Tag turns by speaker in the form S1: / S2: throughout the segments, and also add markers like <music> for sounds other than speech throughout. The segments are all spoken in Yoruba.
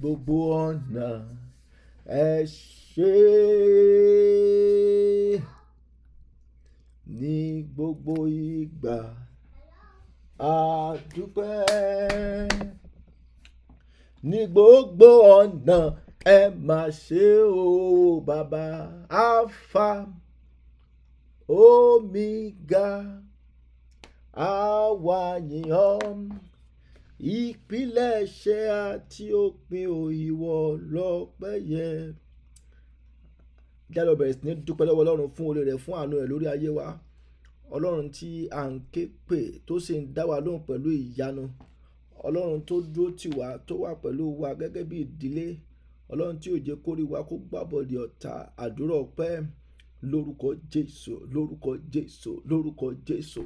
S1: gbogbo ọ̀nà ẹ ṣé. Ní gbogbo ìgbà a dúpẹ́. Ní gbogbo ọ̀nà ẹ má ṣe o bàbá Alpha Omega. Àwa yìn ọ́ ìpilẹ̀ṣẹ̀ àti òpin òyìnwó lọ́pẹ́ yẹ. jálọ bẹ̀rẹ̀ sí ní dúpẹ́ lọ́wọ́ ọlọ́run fún oore rẹ̀ fún àánú rẹ̀ lórí ayé wa ọlọ́run tí à ń ké pè tó sì ń dá wa lóhùn pẹ̀lú ìyanu ọlọ́run tó dúró tì wá tó wà pẹ̀lú wa gẹ́gẹ́ bí ìdílé ọlọ́run tí ò jẹ́ kórí wa kó gbàbọ̀dì ọ̀tá àdúrà ọpẹ́ lórúkọ jésù lórúkọ jésù lórúkọ jésù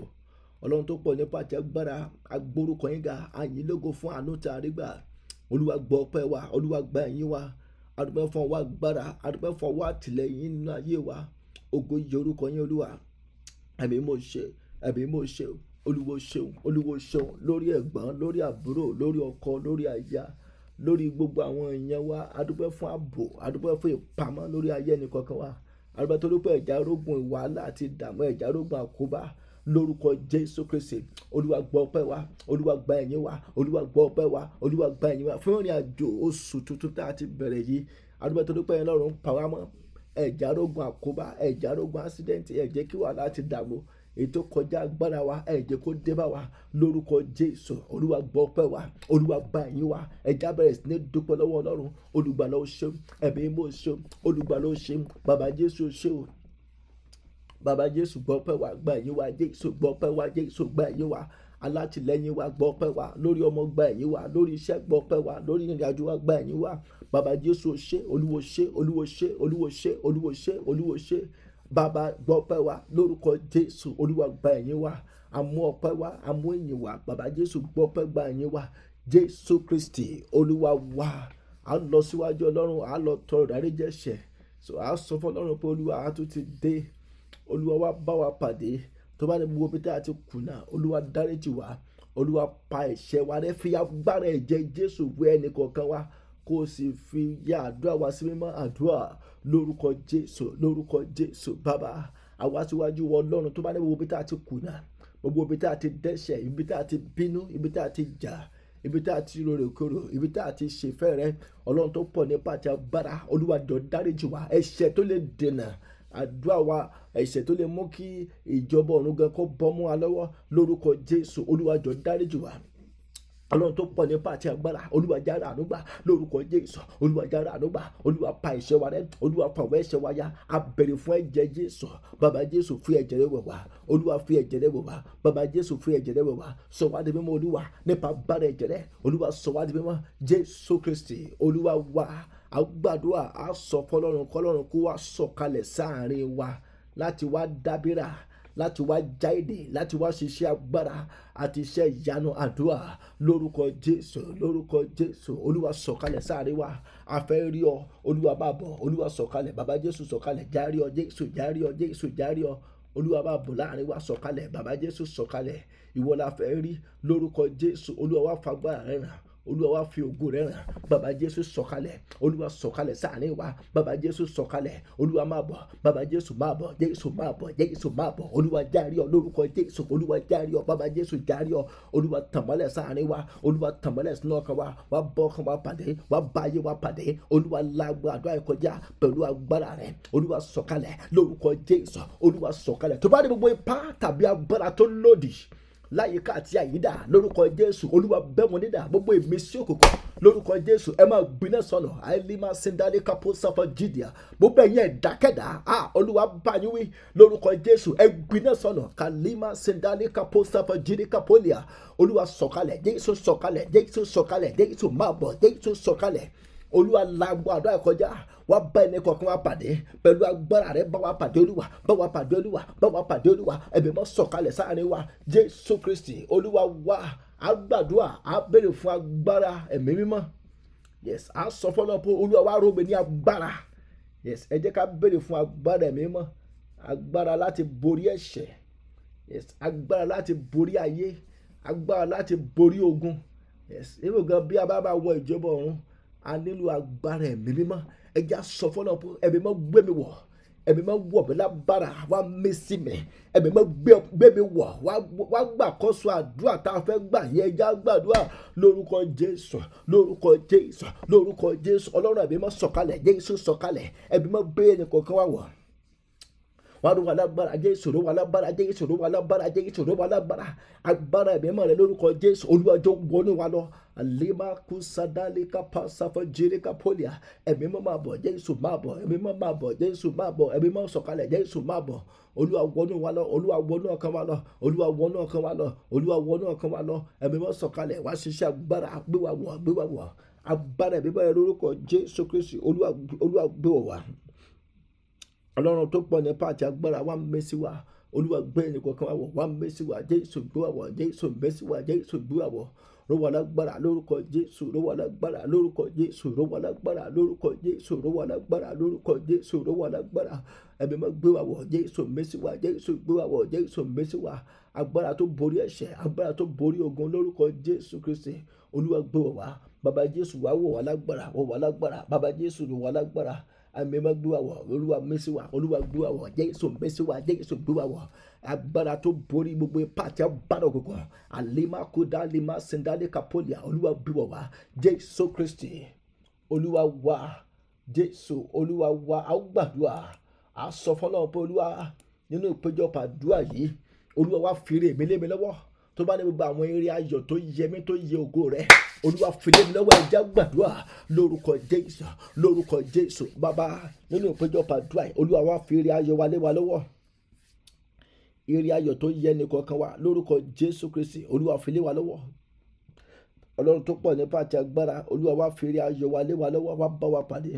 S1: ọlọ́run tó pọ̀ nípa tẹ gbára agbórúkọ yín ga àyìn lógo fún àánú tá a rí gbà olúwa gbọ́ ọpẹ́ wa olúwa gba ẹ̀yìn wa adúpẹ́ fún ọwọ́ agbára adúpẹ́ fún ọwọ́ àtìlẹ́yìn nínú ayé wa ògo yìí orúkọ yín olúwa ẹ̀mí mo ṣe ẹ̀mí mo ṣe olúwo ṣeun olúwo ṣeun lórí ẹ̀gbọ́n lórí àbúrò lórí ọkọ lórí aya lórí gbogbo àwọn èèyàn wa adúpẹ́ fún ààbò adúpẹ́ fún ìpamọ́ lórí ayé ẹnì kọ̀ọ̀kan wa adúpẹ́ tó dúpẹ́ ẹ̀já rógun ìwàhálà àti ìdààmú ẹ̀já rógun àkóbá lórúkọ jésù kristi olúwa gbọ́ ọpẹ́ wa olúwa gba ẹ̀yìn wa olúwa gbọ́ ọpẹ́ wa olúwa gba ẹ̀yìn wa fún ìrìn àjò oṣù tuntun tá a ti bẹ̀rẹ̀ yìí adúgbò tó dúpẹ́ yẹn lọ́rùn pàwámọ́ ẹ̀já rógun àkóbá ẹ̀já rógun accident ẹ̀jẹ̀ kí wàhálà ti dààmú ètò kọjá agbára wa ẹ̀jẹ̀ kó dé bá wa lórúkọ jésù olúwa gbọ́ ọpẹ́ wa olúwa gba ẹ̀yìn wa ẹ̀já bẹ̀rẹ̀ sí ní dúpẹ́ lọ́wọ́ ọlọ́run olùgbàlà ṣeun ẹ̀mí mọ́ ṣeun olùgbàlà ṣeun bàbá jésù ṣeun Baba jésù gbọ́ pẹ́ wá gbà yín wá jésù gbọ́ pẹ́ wá jésù gbà yín wá alátìlẹ́yìn wa gbọ́ pẹ́ wá lórí ọmọ gbà yín wá lórí iṣẹ́ gbọ́ pẹ́ wá lórí ìrìnàjò wa gbà yín wá bàbá jésù ṣe olúwo ṣe olúwo ṣe olúwo ṣe olúwo ṣe olúwo ṣe bàbá gbọ́ pẹ́ lórúkọ jésù olúwa gbà yín wá àmú ọpẹ́ wá àmú ìyìn wá bàbá jésù gbọ́ pẹ́ gbà yín jésù kristi olúwa wá à lọ síwájú ọlọ́run à lọ tọrọ ìdáríjẹ̀ṣẹ̀ so à ń sọ fún ọlọ́run pé olúwa a tún ti dé olúwa wá bá wa pàdé tó bá ní gbogbo pété àti kùnà olúwa dáríjì wá olúwa pa ẹ̀ṣẹ̀ wa rẹ́ fi agbára ẹ̀jẹ̀ jésù wẹ ẹnì kọ̀ọ̀kan wa kó o sì fi yá àdúrà wa sí mímọ́ àdúrà lórúkọ jésù lórúkọ jésù bàbá àwa síwájú wọ ọlọ́run tó bá ní gbogbo pété àti kùnà gbogbo ibi tá a ti dẹ́ṣẹ̀ ibi tá a ti bínú ibi tá a ti jà ibi tá a ti rorokoro ibi tá a ti ṣèfẹ́ rẹ ọlọ́run tó pọ̀ nípa àti agbára olúwa jọ̀ọ́ dáríjì wá ẹ̀ṣẹ̀ tó lè dènà àdúrà wa ẹ̀ṣẹ̀ tó lè mú kí ìjọba ọ̀run gan kó bọ́ mú wa lọ́wọ́ lórúkọ Jésù Olúwa jọ̀ọ́ dáríjì wa ọlọ́run tó pọ̀ nípa àti agbára olúwa jára ànúgbà lórúkọ jésù olúwa jára ànúgbà olúwa pa ẹ̀ṣẹ̀ wa rẹ́ olúwa pa àwọn ẹ̀ṣẹ̀ wa ya a bẹ̀rẹ̀ fún ẹ̀jẹ̀ jésù bàbá jésù fi ẹ̀jẹ̀ rẹ̀ wẹ̀ wá olúwa fi ẹ̀jẹ̀ rẹ̀ wẹ̀ wá bàbá jésù fi ẹ̀jẹ̀ rẹ̀ wẹ̀ wá sọ wá di mímọ́ olúwa nípa bára ẹ̀jẹ̀ rẹ̀ olúwa sọ wá di mímọ́ jésù kristi olúwa wá a gbàdúrà a sọ fọlọ́run kọlọ́run kó wá sọ̀kalẹ̀ sáàrin wa láti wá dábìrà láti wá já èdè láti wá ṣiṣẹ́ agbára àti iṣẹ́ ìyanu àdúrà lórúkọ jésù lórúkọ jésù olúwa sọ̀kalẹ̀ sáàrin wa afẹ́ rí ọ olúwa bá bọ̀ olúwa sọ̀kalẹ̀ bàbá jésù sọ̀kalẹ̀ járí ọ jésù járí ọ jésù járí ọ olúwa bá bọ̀ láàrin wa sọ̀kalẹ̀ bàbá jésù sọ̀kalẹ̀ ìwọ la fẹ́ rí lórúkọ jésù olúwa wá fagbára rẹ̀ ràn olúwa wá fi ògo rẹ̀ hàn bàbá jésù sọ̀kalẹ̀ olúwa sọ̀kalẹ̀ sáàrin wa bàbá jésù sọ̀kalẹ̀ olúwa máa bọ̀ bàbá jésù máa bọ̀ jésù máa bọ̀ jésù máa bọ̀ olúwa járe ọ lórúkọ jésù olúwa járe ọ bàbá jésù járe ọ olúwa tàmọ́lẹ̀ sáàrin wa olúwa tàmọ́lẹ̀ sínú ọkàn wa wá bọ́ ọkàn wa pàdé wá bá ayé wa pàdé olúwa lágbó àdúrà ìkọjá pẹ̀lú agbára rẹ̀ olúwa sọ̀kalẹ̀ lórúkọ jésù olúwa sọ̀kalẹ̀ tó bá dé gbogbo ipá tàbí agbára tó lòdì láyìíká àti àyídà lórúkọ jésù olúwa bẹ́ wọn nídà gbogbo ìmísí òkùnkùn lórúkọ jésù ẹ máa gbiná sọnà àìlímà síndálé kápó sáfọ jìdìá gbogbo ẹ̀yin ẹ̀dákẹ́dá a olúwa báyìí wí lórúkọ jésù ẹ gbiná sọnà kàlímà síndálé kápó sáfọ jìdí kápó lìá olúwa sọ̀kalẹ̀ jésù sọ̀kalẹ̀ jésù sọ̀kalẹ̀ jésù máa bọ̀ jésù sọ̀kalẹ̀ olúwa làgbọ́ àdó àkọjá wá bá ẹni kankan wá pàdé pẹ̀lú agbára rẹ bá wa pàdé olúwa bá wa pàdé olúwa bá wa pàdé olúwa ẹ̀mí mọ́ sọ̀kalẹ̀ sáàrin wa jésù kristi olúwa wa á gbàdúrà fún agbára ẹ̀mí mímọ́ yes á sọ fọlọ́ pé olúwa wa rògbè ní agbára yes ẹ jẹ́ ká béèrè fún agbára ẹ̀mí mímọ́ agbára láti borí ẹ̀ṣẹ̀ yes agbára láti borí ayé agbára láti borí ogun yes even gan bí a bá bá wọ ìjọba ọ̀run a nílò agbára ẹ̀mí mímọ́ ẹja sọ fọlọ́n pé ẹ̀mí mọ́ gbé mi wọ̀ ẹ̀mí mọ́ wọ̀ mí lábára wá mí sí mi ẹ̀mí mọ́ gbé mi wọ̀ wá gbà kọ́sọ àdúrà tá a fẹ́ gbà yẹ ẹja gbàdúrà lórúkọ jésù lórúkọ jésù lórúkọ jésù ọlọ́run ẹ̀mí mọ́ sọ̀kalẹ̀ jésù sọ̀kalẹ̀ ẹ̀mí mọ́ gbé ẹnì kọ̀ọ̀kan wá wọ̀ wàá wà lágbára jésù ló wà lágbára jésù ló wà lágbára jésù ló wà lágbára agbára ẹ̀mí mọ̀ rẹ lórúkọ jésù olúwa jọ wọnú wa lọ alima kusadalika pasafa jirika polia ẹ̀mí mọ́ máa bọ̀ jésù máa bọ̀ ẹ̀mí mọ́ máa bọ̀ jésù máa bọ̀ ẹ̀mí mọ́ sọ̀kalẹ̀ jésù máa bọ̀ olúwa wọnú wa lọ olúwa wọnú ọkàn wa lọ olúwa wọnú ọkàn wa lọ olúwa wọnú ọkàn wa lọ ẹ̀mí mọ́ sọ̀kalẹ̀ wá ṣiṣẹ́ agbára gbé wa agbára ẹ̀mí mọ́ lórúkọ jésù kristi olúwa gbé ọlọ́run tó pọ̀ nípa àti agbára wa ń bẹ sí wa olúwa gbé ẹnìkọ̀ọ̀kan wa wọ̀ wá ń bẹ sí wa jésù gbé wa wọ̀ jésù ń bẹ sí wa jésù gbé wa wọ̀ rọwọ́ alágbára lórúkọ jésù rọwọ́ alágbára lórúkọ jésù rọwọ́ alágbára lórúkọ jésù rọwọ́ alágbára lórúkọ jésù rọwọ́ alágbára ẹ̀mí máa gbé wa wọ̀ jésù ń bẹ sí wa jésù gbé wa wọ̀ jésù ń bẹ sí wa agbára tó borí ẹ̀ṣẹ̀ agbára tó borí ogun lórúkọ jésù kristi olúwa gbé wa wá bàbá jésù wá wọ̀ wá lágbára wọ̀ wá lágbára bàbá jésù rọ̀ wá lágbára àmì máa gbé wa wọ̀ olúwa mẹ́sì wa olúwa gbé wa wọ̀ jésù mẹ́sì wa jésù gbé wa wọ̀ agbára tó borí gbogbo ipa àti agbára òkùnkùn àlèmákúdá kapolia olúwa bí wọ̀ wá jésù kristi olúwa wá jésù olúwa wá a gbàdúrà a sọ fọlọ́run pé olúwa nínú ìpéjọpọ̀ àdúrà yìí olúwa wá fìrè mi tó bá ní gbogbo àwọn eré ayọ̀ tó yẹ mí tó yẹ ògo rẹ̀ olúwa fìdí mi lọ́wọ́ ẹja gbàdúrà lórúkọ jésù lórúkọ jésù bàbá nínú ìpéjọpọ̀ àdúrà yìí olúwa wa fi eré ayọ̀ wa lé wa lọ́wọ́ eré ayọ̀ tó yẹ ní kọ̀ọ̀kan wa lórúkọ jésù kristi olúwa fi lé wa lọ́wọ́ ọlọ́run tó pọ̀ nípa àti agbára olúwa wa fi eré ayọ̀ wa lé wa lọ́wọ́ wa bá wa pàdé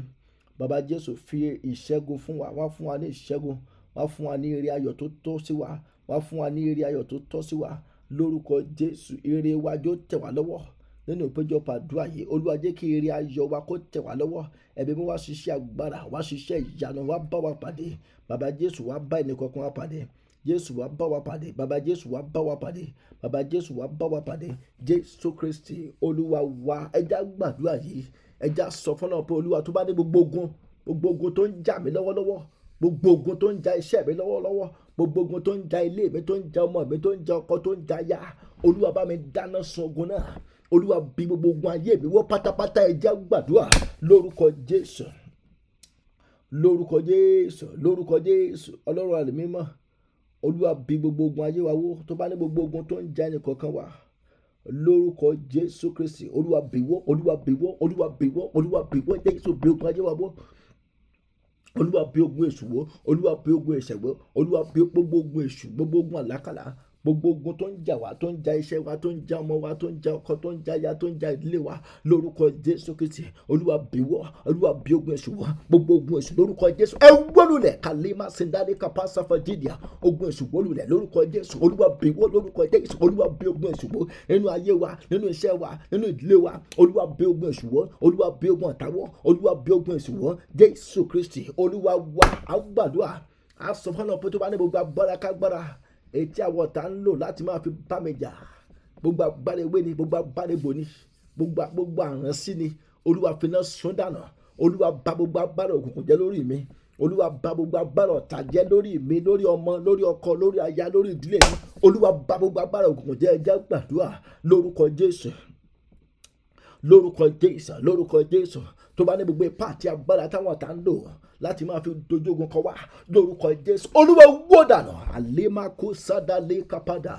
S1: bàbá jésù fi ìṣẹ́gun fún wa wá fún wa ní ìṣẹ́gun wá fún wa ní eré ayọ̀ tó tọ́ sí wa wá fún wa ní eré ayọ̀ tó tọ́ sí wa lórúkọ jésù eré wa tẹ̀ wá lọ́wọ́ nínú ìpéjọpọ̀ àdúrà yìí olúwa jẹ́ kí eré ayọ̀ wa kó tẹ̀ wá lọ́wọ́ ẹ̀mí mi wá ṣiṣẹ́ agbára wá ṣiṣẹ́ ìyanu wá bá wa pàdé bàbá jésù wá bá ẹnìkọ̀ọ̀kan wa pàdé jésù wá bá wa pàdé bàbá jésù wá bá wa pàdé bàbá jésù wá bá wa pàdé jésù kristi olúwa wa ẹja gbàdúrà yìí ẹja sọ fọlọ́ pé olúwa tó bá ní gbogbo ogun gbogbo ogun tó ń jà mí lọ́wọ́lọ́wọ́ gbogbo ogun tó ń ja iṣẹ́ mi lọ́wọ́lọ́wọ́ gbogbo ogun tó ń ja ilé mi tó ń ja ọmọ mi tó ń ja ọkọ tó ń ja aya olúwa bá mi dáná sun ogun náà olúwa bí gbogbo ogun ayé mi wọ́ pátápátá ẹja gbàdúrà lórúkọ jésù lórúkọ jésù lórúkọ jésù ọlọ́run àlùmímọ́ olúwa bí gbogbo ogun ayé wa wó tó bá ní gbogbo ogun tó ń já ẹnì kọ̀ọ̀kan wá lórúkọ jésù kristi olúwa bí wọ́ olúwa bí wọ́ olúwa bí wọ́ olúwa bí wọ́ jésù bí ogun ayé wa wó olúwa bí ogun èṣù wó olúwa bí ogun ẹ̀ṣẹ̀ wó olúwa bí gbogbo ogun èṣù gbogbo ogun àlákàlà gbogbo ogun tó ń jà wá tó ń jà iṣẹ́ wa tó ń jà ọmọ wa tó ń jà ọkọ tó ń jà aya tó ń jà ìdílé wa lórúkọ jésù kìtì olúwa bíwọ́ olúwa bí ogun èṣù wá gbogbo ogun èṣù lórúkọ jésù ẹ wólulẹ̀ kàlímà sindari kapa safa jìdìá ogun èṣù wólulẹ̀ lórúkọ jésù olúwa bíwọ́ lórúkọ jésù olúwa bí ogun èṣù wó nínú ayé wa nínú iṣẹ́ wa nínú ìdílé wa olúwa bí ogun èṣù wó olúwa bí ogun ọ̀tàwọ́ olúwa bí ogun èṣù wó jésù kristi olúwa wa àgbàdua etí àwọn ọ̀tá ń lò láti máa fi bá mi jà gbogbo agbárewé ni gbogbo agbárebo ni gbogbo àránsí ni olúwa finá sún dànù olúwa bà gbogbo agbára òkùnkùn jẹ́ lórí mi olúwa bà gbogbo agbára ọ̀tá jẹ́ lórí mi lórí ọmọ lórí ọkọ lórí aya lórí ìdílé mi olúwa bà gbogbo agbára òkùnkùn jẹ́ ẹjẹ́ gbàdúrà lórúkọ jésù lórúkọ jésù lórúkọ jésù tó bá ní gbogbo ipá àti agbára táwọn ọ̀tá ń lò láti máa fi dojógun kọ wá lórúkọ jésù olúwa wó dànù àlèmàkó sádàlè kápádà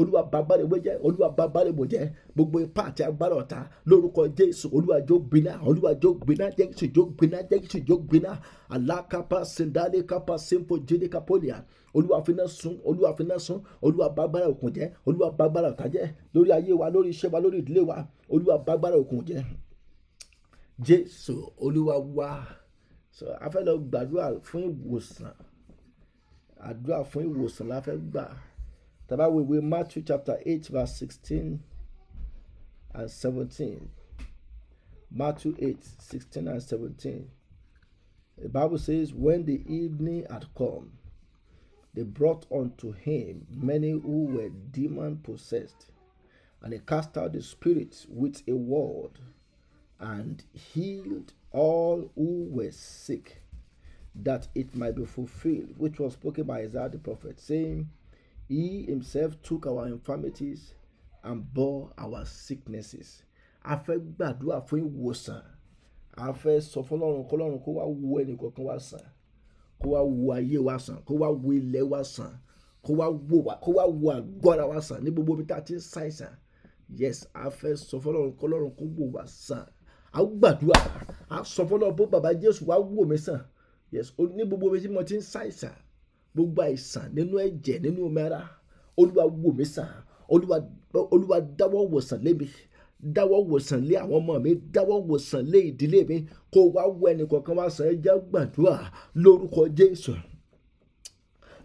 S1: olúwa babalẹ̀ wé jẹ́ olúwa babalẹ̀ bò jẹ́ gbogbo ipa àti agbára ọ̀tá lórúkọ jésù olúwa jó gbiná olúwa jó gbiná jẹ́kìsì jó gbiná jẹ́kìsì jó gbiná alákàpá sindalẹ̀ kápá sinfo jíde kápólìà olúwa finá sun olúwa finá sun olúwa babalẹ̀ òkun jẹ́ olúwa babalẹ̀ ọ̀tá jẹ́ lórí ayé wa lórí iṣẹ́ wa lórí ìdílé wa olúwa babalẹ̀ òkun jẹ́ jésù olúwa wá. so a fẹ́ lọ gbàdúrà fún ìwòsàn àdúrà fún ìwòsàn la fẹ́ gbà tàbá wo ìwé Matthew chapter eight verse sixteen and seventeen Matthew eight sixteen and seventeen the Bible says when the evening had come they brought unto him many who were demon possessed and he cast out the spirits with a word and healed all who were sick, that it might be fulfilled, which was spoken by Isaiah the prophet, saying, He himself took our infirmities and bore our sicknesses. A fẹ́ gbàdúrà fún ìwòsàn. A fẹ́ sọ fún Ọlọ́run kó Ọlọ́run kó wá wo ẹnìkọ̀ọ̀kan wá sàn. Kó wá wo ayé wa sàn. Kó wá wo ilẹ̀ wa sàn. Kó wá wo wa wá sàn ní gbogbo ibi tá a ti ń ṣàìsàn. Yes, a fẹ́ sọ fún Ọlọ́run kó Ọlọ́run kó wò wá sàn. A gbàdúrà à sọ fọlọ́ bó bàbá jésù wá wò mí sàn ní gbogbo mi tí mo ti ń ṣàìsàn gbogbo àìsàn nínú ẹ̀jẹ̀ nínú mẹ́ra olúwa wò mí sàn olúwa dáwọ́ wòsàn lébi dáwọ́ wòsàn lé àwọn ọmọ mi dáwọ́ wòsàn lé ìdílé mi kó wá wọ ẹnìkọ̀ọ̀kan wá sàn ẹ jẹ́ gbàdúrà lórúkọ jésù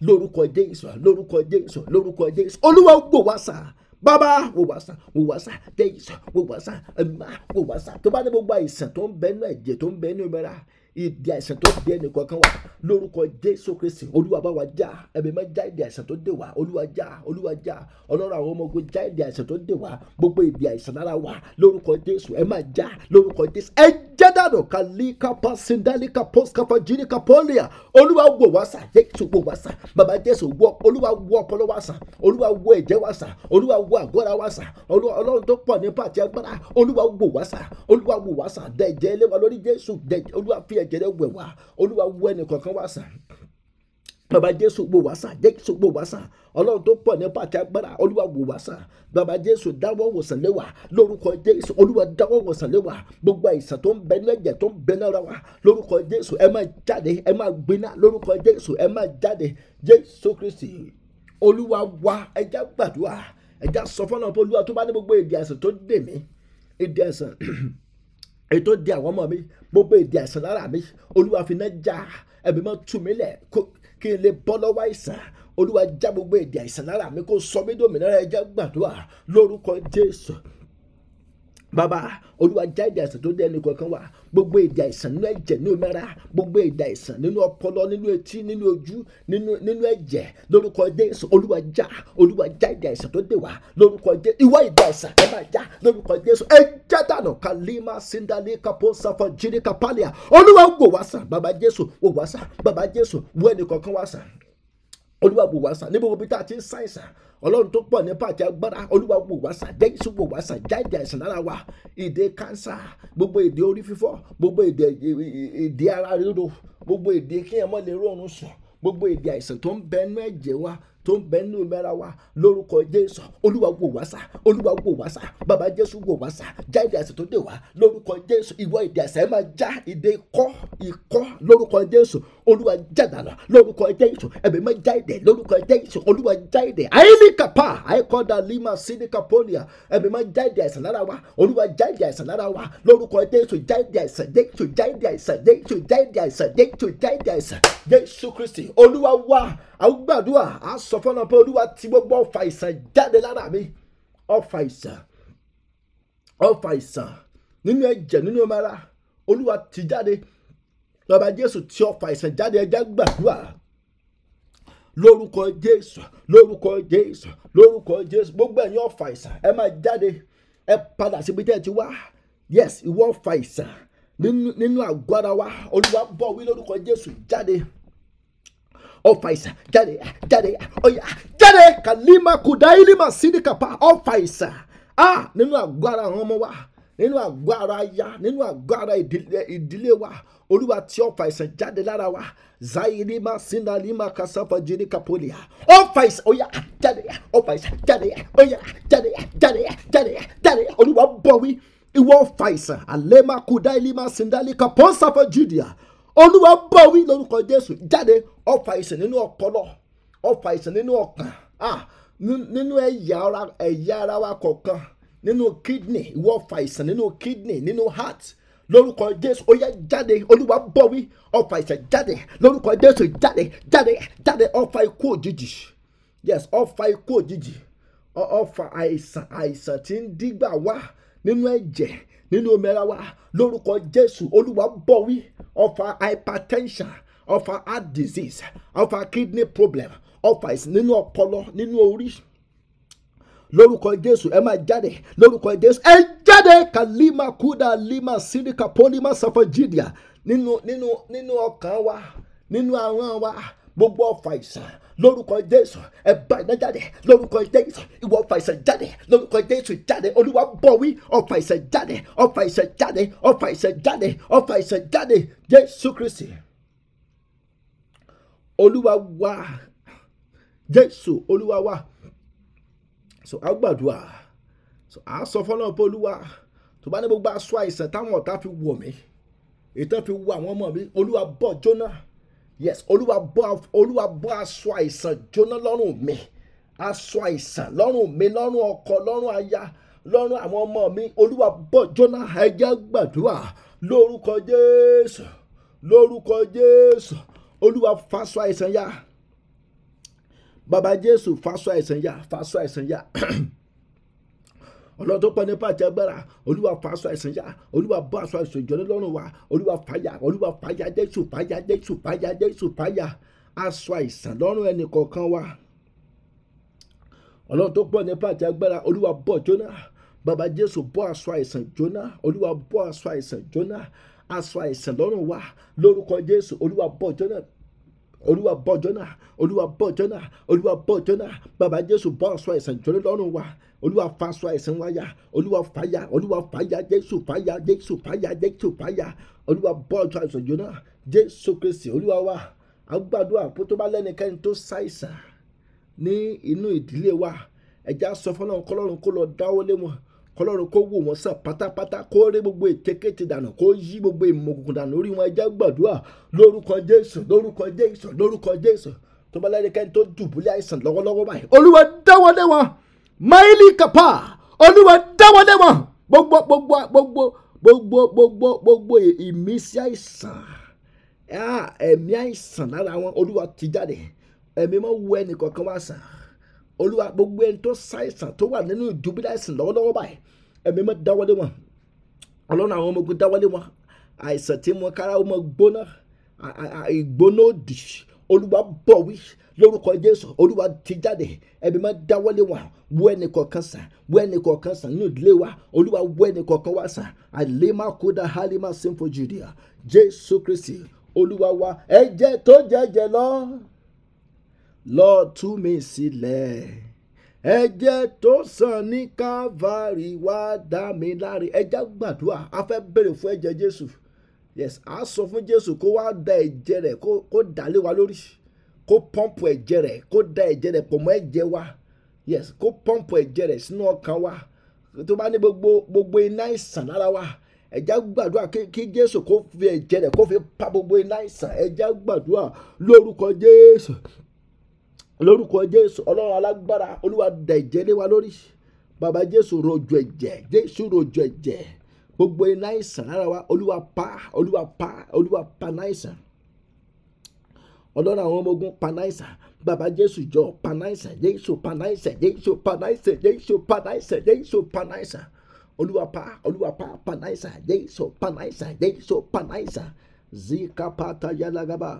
S1: lórúkọ jésù lórúkọ jésù lórúkọ jésù olúwa gbò wá sàn bàbá wò wá sàn wò wá sàn tẹ ìsàn wò wá sàn ẹ̀mí wò wá sàn tó bá ní gbogbo àìsàn tó ń bẹ nínú ẹ̀jẹ̀ tó ń bẹ nínú ìbẹ̀rẹ̀ ìdí àìsàn tó dé ẹnì kọ̀ọ̀kan wa lórúkọ jésù kristi olúwa bá wa já ẹ̀mí máa já ìdí àìsàn tó dé wa olúwa já olúwa já ọlọ́run àwọn ọmọ ogun já ìdí àìsàn tó dé wa gbogbo ìdí àìsàn lára wa lórúkọ jésù ẹ máa já lórúkọ jésù ẹ jẹ́ dànù kàlíkà pàṣẹndálíkà pọ́sikàfà jìnnìkà pọ́lìà olúwa wò wá sàn jésù wò wá sàn bàbá jésù wọ olúwa wọ ọpọlọ wá sàn olúwa wọ ẹ̀jẹ̀ wá sàn olúwa wọ àgọ́ra wá sàn ọlọ́run tó pọ̀ nípa àti agbára olúwa wò wá sàn olúwa wò wá sàn dẹ̀jẹ̀ lé lórí jésù dẹ̀jẹ̀ olúwa fi ẹ̀ ẹ̀jẹ̀ wẹ̀ wá olúwa wẹ̀ nìkankan wá sàn bàbá jésù gbò wá sàn jésù gbò wá sàn ọlọ́run tó pọ̀ nípa àti agbára olúwa wò wá sàn bàbá jésù dáwọ́ wòsàn lé wa lórúkọ jésù olúwa dáwọ́ wòsàn lé wa gbogbo àìsàn tó ń bẹ ní ẹ̀jẹ̀ tó ń bẹ lára wa lórúkọ jésù ẹ máa jáde ẹ máa gbiná lórúkọ jésù ẹ máa jáde jésù kristi olúwa wa ẹja gbàdúrà ẹja sọ fọ́nà pé olúwa tó bá ní gbogbo èdè àìsàn tó dè mí èdè àìsàn <clears throat> ètò di àwọn ọmọ mi gbogbo èdè àìsàn lára mi olúwa fi iná já ẹ̀mí mọ́ tú mi lẹ̀ kí n lè bọ́ lọ́wọ́ àìsàn olúwa já gbogbo èdè àìsàn lára mi kó sọ mí dòmìnira ẹja gbàdúrà lórúkọ jésù bàbá olúwa jáde àìsàn tó dé ẹnì kọ̀ọ̀kan wá gbogbo èdè àìsàn nínú ẹ̀jẹ̀ nínú mẹ́ra gbogbo èdè àìsàn nínú ọpọlọ nínú etí nínú ojú nínú ẹ̀jẹ̀ lórúkọ jésù olúwa já olúwa já èdè àìsàn tó dé wá lórúkọ jésù ìwọ èdè àìsàn ẹ máa já lórúkọ jésù ẹ já dànù kalima sindali kapo safa jiri kapalia olúwa wò wá sàn bàbá jésù wò wá sàn bàbá jésù wò ẹnì kọ̀ọ̀kan wá sàn olúwa wò wá sàn níbo bí tá a ti ń sáyẹn sàn ọlọ́run tó pọ̀ nípa àti agbára olúwa wò wá sàn jẹ́ ìṣú wò wá sàn jáde àìsàn lára wa ìdè kánsà gbogbo ìdè orí fífọ́ gbogbo ìdè ìdè ara ríro gbogbo ìdè kéèyàn mọ́ lè rọrùn sùn gbogbo ìdè àìsàn tó ń bẹnu ẹ̀jẹ̀ wa tó ń bẹ nínú ìmẹ́ra wa lórúkọ jésù olúwa wò wá sà olúwa wò wá sà bàbá jésù wò wá sà já ìdè àìsàn tó dé wá lórúkọ jésù ìwọ ìdè àìsàn ẹ máa já ìdè ikọ́ ikọ́ lórúkọ jésù olúwa jàdàlà lórúkọ jésù ẹ̀mí mọ́ já ìdè lórúkọ jésù olúwa já ìdè àìníkàpá àìkọ́dà lima sídìkàpọ́nìà ẹ̀mí mọ́ já ìdè àìsàn lára wa olúwa já ìdè àìsàn lára wa lórúkọ jésù já ìdè àìsàn jésù já ìdè àìsàn jésù já ìdè àìsàn jésù já ìdè àìsàn jésù kristi olúwa wa àwùgbàdua àsọfọ́nà pé olúwa ti gbogbo ọ̀fà ìsàn jáde lára mi ọ̀fà ìsàn ọ̀fà ìsàn nínú ẹ̀jẹ̀ nínú ọmọ ara olúwa ti jáde lọ́ba jésù tí ó fa ìsàn jáde ẹja gbàdúrà lórúkọ jésù lórúkọ jésù lórúkọ jésù gbogbo ẹ̀yin ọ̀fà ìsàn ẹ máa jáde ẹ padà síbi tẹ́ ẹ ti wá yes ìwọ ọ̀fà ìsàn nínú àgọ́ ara wa olúwa bọ̀ wí lórúkọ jésù jáde ọ̀fà ìsàn jáde jáde ọ̀yà jáde kàlímà kùdà ìlímà sídìkàpà ọ̀fà ìsàn ah nínú àgọ́ ara àwọn ọmọ wa nínú àgọ́ ara aya nínú àgọ́ ara ìdílé wa olúwa tí ó fa ìsàn jáde lára wa zaire ma sinna lima kasafa jiri kapolia ó fa ìsàn oya jáde ó fa ìsàn jáde oya jáde jáde jáde jáde olúwa bọ̀ wí ìwọ fa ìsàn alema kuda ilima sindali kaponsafa judea olúwa bọ̀ wí lórúkọ jésù jáde ó fa ìsàn nínú ọpọlọ ó fa ìsàn nínú ọkàn nínú ẹ̀yà ara wa kọ̀ọ̀kan nínú kidney ìwọ fa ìsàn nínú kidney nínú heart lórúkọ jésù ó yá jáde olúwa bọ̀ wí ọ̀fà ìṣẹ̀ jáde lórúkọ jésù jáde jáde jáde ọ̀fà ikú òjijì yes ọ̀fà ikú òjijì ọ̀fà àìsàn àìsàn tí ń dígbà wá nínú ẹ̀jẹ̀ nínú omi ara wa lórúkọ jésù olúwa bọ̀ wí ọ̀fà hypertension ọ̀fà heart disease ọ̀fà kidney problem ọ̀fà ìsìn nínú ọpọlọ nínú orí lórúkọ jésù ẹ máa jáde lórúkọ jésù ẹ jáde kalima kuda lima sirika polima safajidia nínú nínú nínú ọkàn wa nínú ahọ́n wa gbogbo ọfà ìsàn lórúkọ jésù ẹ bá iná jáde lórúkọ jésù ìwọ ọfà ìsàn jáde lórúkọ jésù jáde olúwa bọ̀ wí ọfà ìsàn jáde ọfà ìsàn jáde ọfà ìsàn jáde ọfà ìsàn jáde jésù kristi olúwa wá jésù olúwa wá so a gbàdúrà so a sọ fọlọ́n pé olúwa tó bá ní gbogbo aṣọ àìsàn táwọn ọ̀tá fi wọ̀ mí ètò fi wọ àwọn ọmọ mi olúwa bọ́ jóná yes olúwa bọ́ olúwa bọ́ aṣọ àìsàn jóná lọ́rùn mi aṣọ àìsàn lọ́rùn mi lọ́rùn ọkọ lọ́rùn aya lọ́rùn àwọn ọmọ mi olúwa bọ́ jóná ẹ jẹ́ gbàdúrà lórúkọ jésù lórúkọ jésù olúwa faṣọ àìsàn ya bàbá jésù fásọ àìsàn yá fásọ àìsàn yá <clears throat> ọlọ́run tó pọ̀ nípa àti agbára olúwa fàṣọ àìsàn yá olúwa bọ́ aṣọ àìsàn ìjọ lọ́rùn wa olúwa fàyà olúwa fàyà jésù fàyà jésù fàyà jésù fàyà aṣọ àìsàn lọ́rùn ẹnì kọ̀ọ̀kan wa ọlọ́run tó pọ̀ nípa àti agbára olúwa bọ́ jóná bàbá jésù bọ́ aṣọ àìsàn jóná olúwa bọ́ aṣọ àìsàn jóná aṣọ àìsàn lọ́rùn wa lórúkọ jésù olúwa bọ́ jóná olúwa bọ́ Jónà olúwa bọ́ Jónà olúwa bọ́ Jónà bàbá jésù bọ́ aṣọ àìsàn jọlẹ́ lọ́rùn wa olúwa fa aṣọ àìsàn wa ya olúwa fàyà olúwa fàyà jésù fàyà jésù fàyà jésù fàyà olúwa bọ́ aṣọ àìsàn Jónà jésù kristi olúwa wa agbádùn àpótó bá lẹ́nikẹ́ni tó ṣàìsàn ní inú ìdílé wa ẹ̀já sọ fọlọ́run kọlọ́run kó lọ dáwọ́ wọn kọlọ́run kó wò wọ́n sàn pátápátá kó rẹ́ gbogbo ètekéte dànù kó yí gbogbo ìmọ̀gùnkùn dànù lórí wọn ẹjẹ́ gbàdúrà lórúkọ jésù lórúkọ jésù lórúkọ jésù tó bá lẹ́rìí kẹ́ni tó dùbúlẹ̀ àìsàn lọ́wọ́lọ́wọ́ báyìí olúwa dáwọ́lé wọn máìlì kàpá olúwa dáwọ́lé wọn gbogbo gbogbo gbogbo gbogbo gbogbo gbogbo ìmísí àìsàn ah, ẹ̀mí àìsàn lára wọn olúwa ti jáde ẹ̀mí mọ́ wọ ẹnì kọ̀ọ̀kan wá sàn olúwa gbogbo ẹni tó ṣàìsàn tó wà nínú ìdúbíláìsàn lọ́wọ́lọ́wọ́ báyìí ẹ̀mí mọ́ dáwọ́lé wọn ọlọ́run àwọn ọmọ ogun dáwọ́lé wọn àìsàn tí mo kára ọmọ gbóná ìgbóná òdì olúwa bọ̀ wí lórúkọ jésù olúwa ti jáde ẹbí máa dáwọ́lé wa wú ẹnì kọ̀ọ̀kan sàn wú ẹnì kọ̀ọ̀kan sàn nínú ìdílé wa olúwa wú ẹnì kọ̀ọ̀kan wá sàn àlema kódà halima sinfo judea jésù kristi olúwa wa ẹ̀jẹ̀ tó jẹ̀jẹ̀ lọ lọ tú mi sílẹ̀. ẹ̀jẹ̀ tó sàn ní Calvary wá dá mi láre ẹja gbàdúrà a fẹ́ bèrè fún ẹ̀jẹ̀ Jésù yes a sọ fún Jésù kó wá da ẹ̀jẹ̀ rẹ̀ kó dàlé wa lórí kó pọ́ǹpù ẹ̀jẹ̀ rẹ̀ kó da ẹ̀jẹ̀ rẹ̀ pọ̀ mọ́ ẹ̀jẹ̀ wa yes kó pọ́ǹpù ẹ̀jẹ̀ rẹ̀ sínú ọkàn wa tó bá ní gbogbo gbogbo iná ìsàn lára wa ẹja gbàdúrà kí Jésù kó fi ẹ̀jẹ̀ rẹ̀ kó fi pa gbogbo iná ìsàn ẹja gbàdúrà lórúkọ Jésù lórúkọ jésù ọlọ́run alágbára olúwa da ẹ̀jẹ̀ lé wa lórí bàbá jésù rọ̀jò ẹ̀jẹ̀ jésù rọ̀jò ẹ̀jẹ̀ gbogbo iná ìsàn lára wa olúwa pa olúwa pa olúwa pa náà ìsàn ọlọ́run àwọn ọmọ ogun pa náà ìsàn bàbá jésù jọ pa náà ìsàn jésù pa náà ìsàn jésù pa náà ìsàn jésù pa náà ìsàn jésù pa náà ìsàn olúwa pa olúwa pa pa náà ìsàn jésù pa náà ìsàn jésù pa náà ìsàn zikapata yalagaba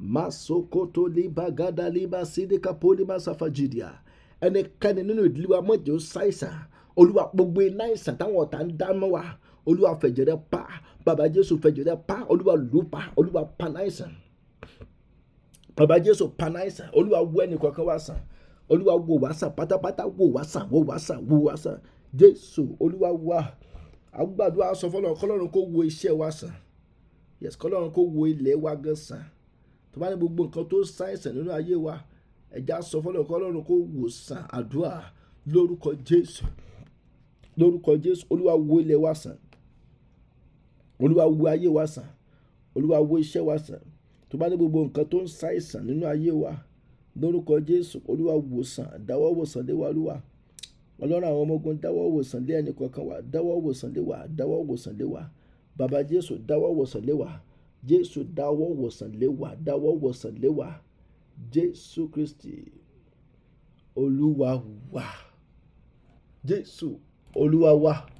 S1: masokoto liba gada liba sídìkà pólímà sàfàjìdìà ẹnikẹ́ni nínú ìdílé wa mọ̀jẹ̀ ó ṣàìsàn olúwa gbogbo iná ìsàn táwọn ọ̀tá ń dáná wa olúwa fẹ̀jẹ̀ rẹ pa bàbá jésù fẹ̀jẹ̀ rẹ pa olúwa lù pa olúwa pa náà ìsàn bàbá jésù pa náà ìsàn olúwa wọ ẹnì kọ̀ọ̀kan wá sàn olúwa wo wá sàn pátápátá wo wá sàn wo wá sàn wo wá sàn jésù olúwa wá àgbàdo àsọfọlọ kọlọ́run kó wo iṣẹ́ wa sàn yẹsì kọlọ́run kó wo ilẹ̀ wa gan sàn tó bá ní gbogbo nǹkan tó ṣàìsàn nínú ayé wa ẹ̀já sọ fọlọ́kọ́ ọlọ́run kó wòsàn àdúrà lórúkọ jésù lórúkọ jésù olúwa wo ilẹ̀ wa sàn olúwa wo ayé wa sàn olúwa wo iṣẹ́ wa sàn tó bá ní gbogbo nǹkan tó ń ṣàìsàn nínú ayé wa lórúkọ jésù olúwa wòsàn dáwọ́ wòsàn lé wa olúwa ọlọ́run àwọn ọmọ ogun dáwọ́ wòsàn lé ẹnì kọ̀ọ̀kan wa dáwọ́ wòsàn lé wa dáwọ́ wòsàn lé wa bàbá jésù dáwọ́ wòsàn lé wa jésù dáwọ́ wòsàn lé wa dáwọ́ wòsàn lé wa jésù kristi olúwa wa jésù olúwa wa.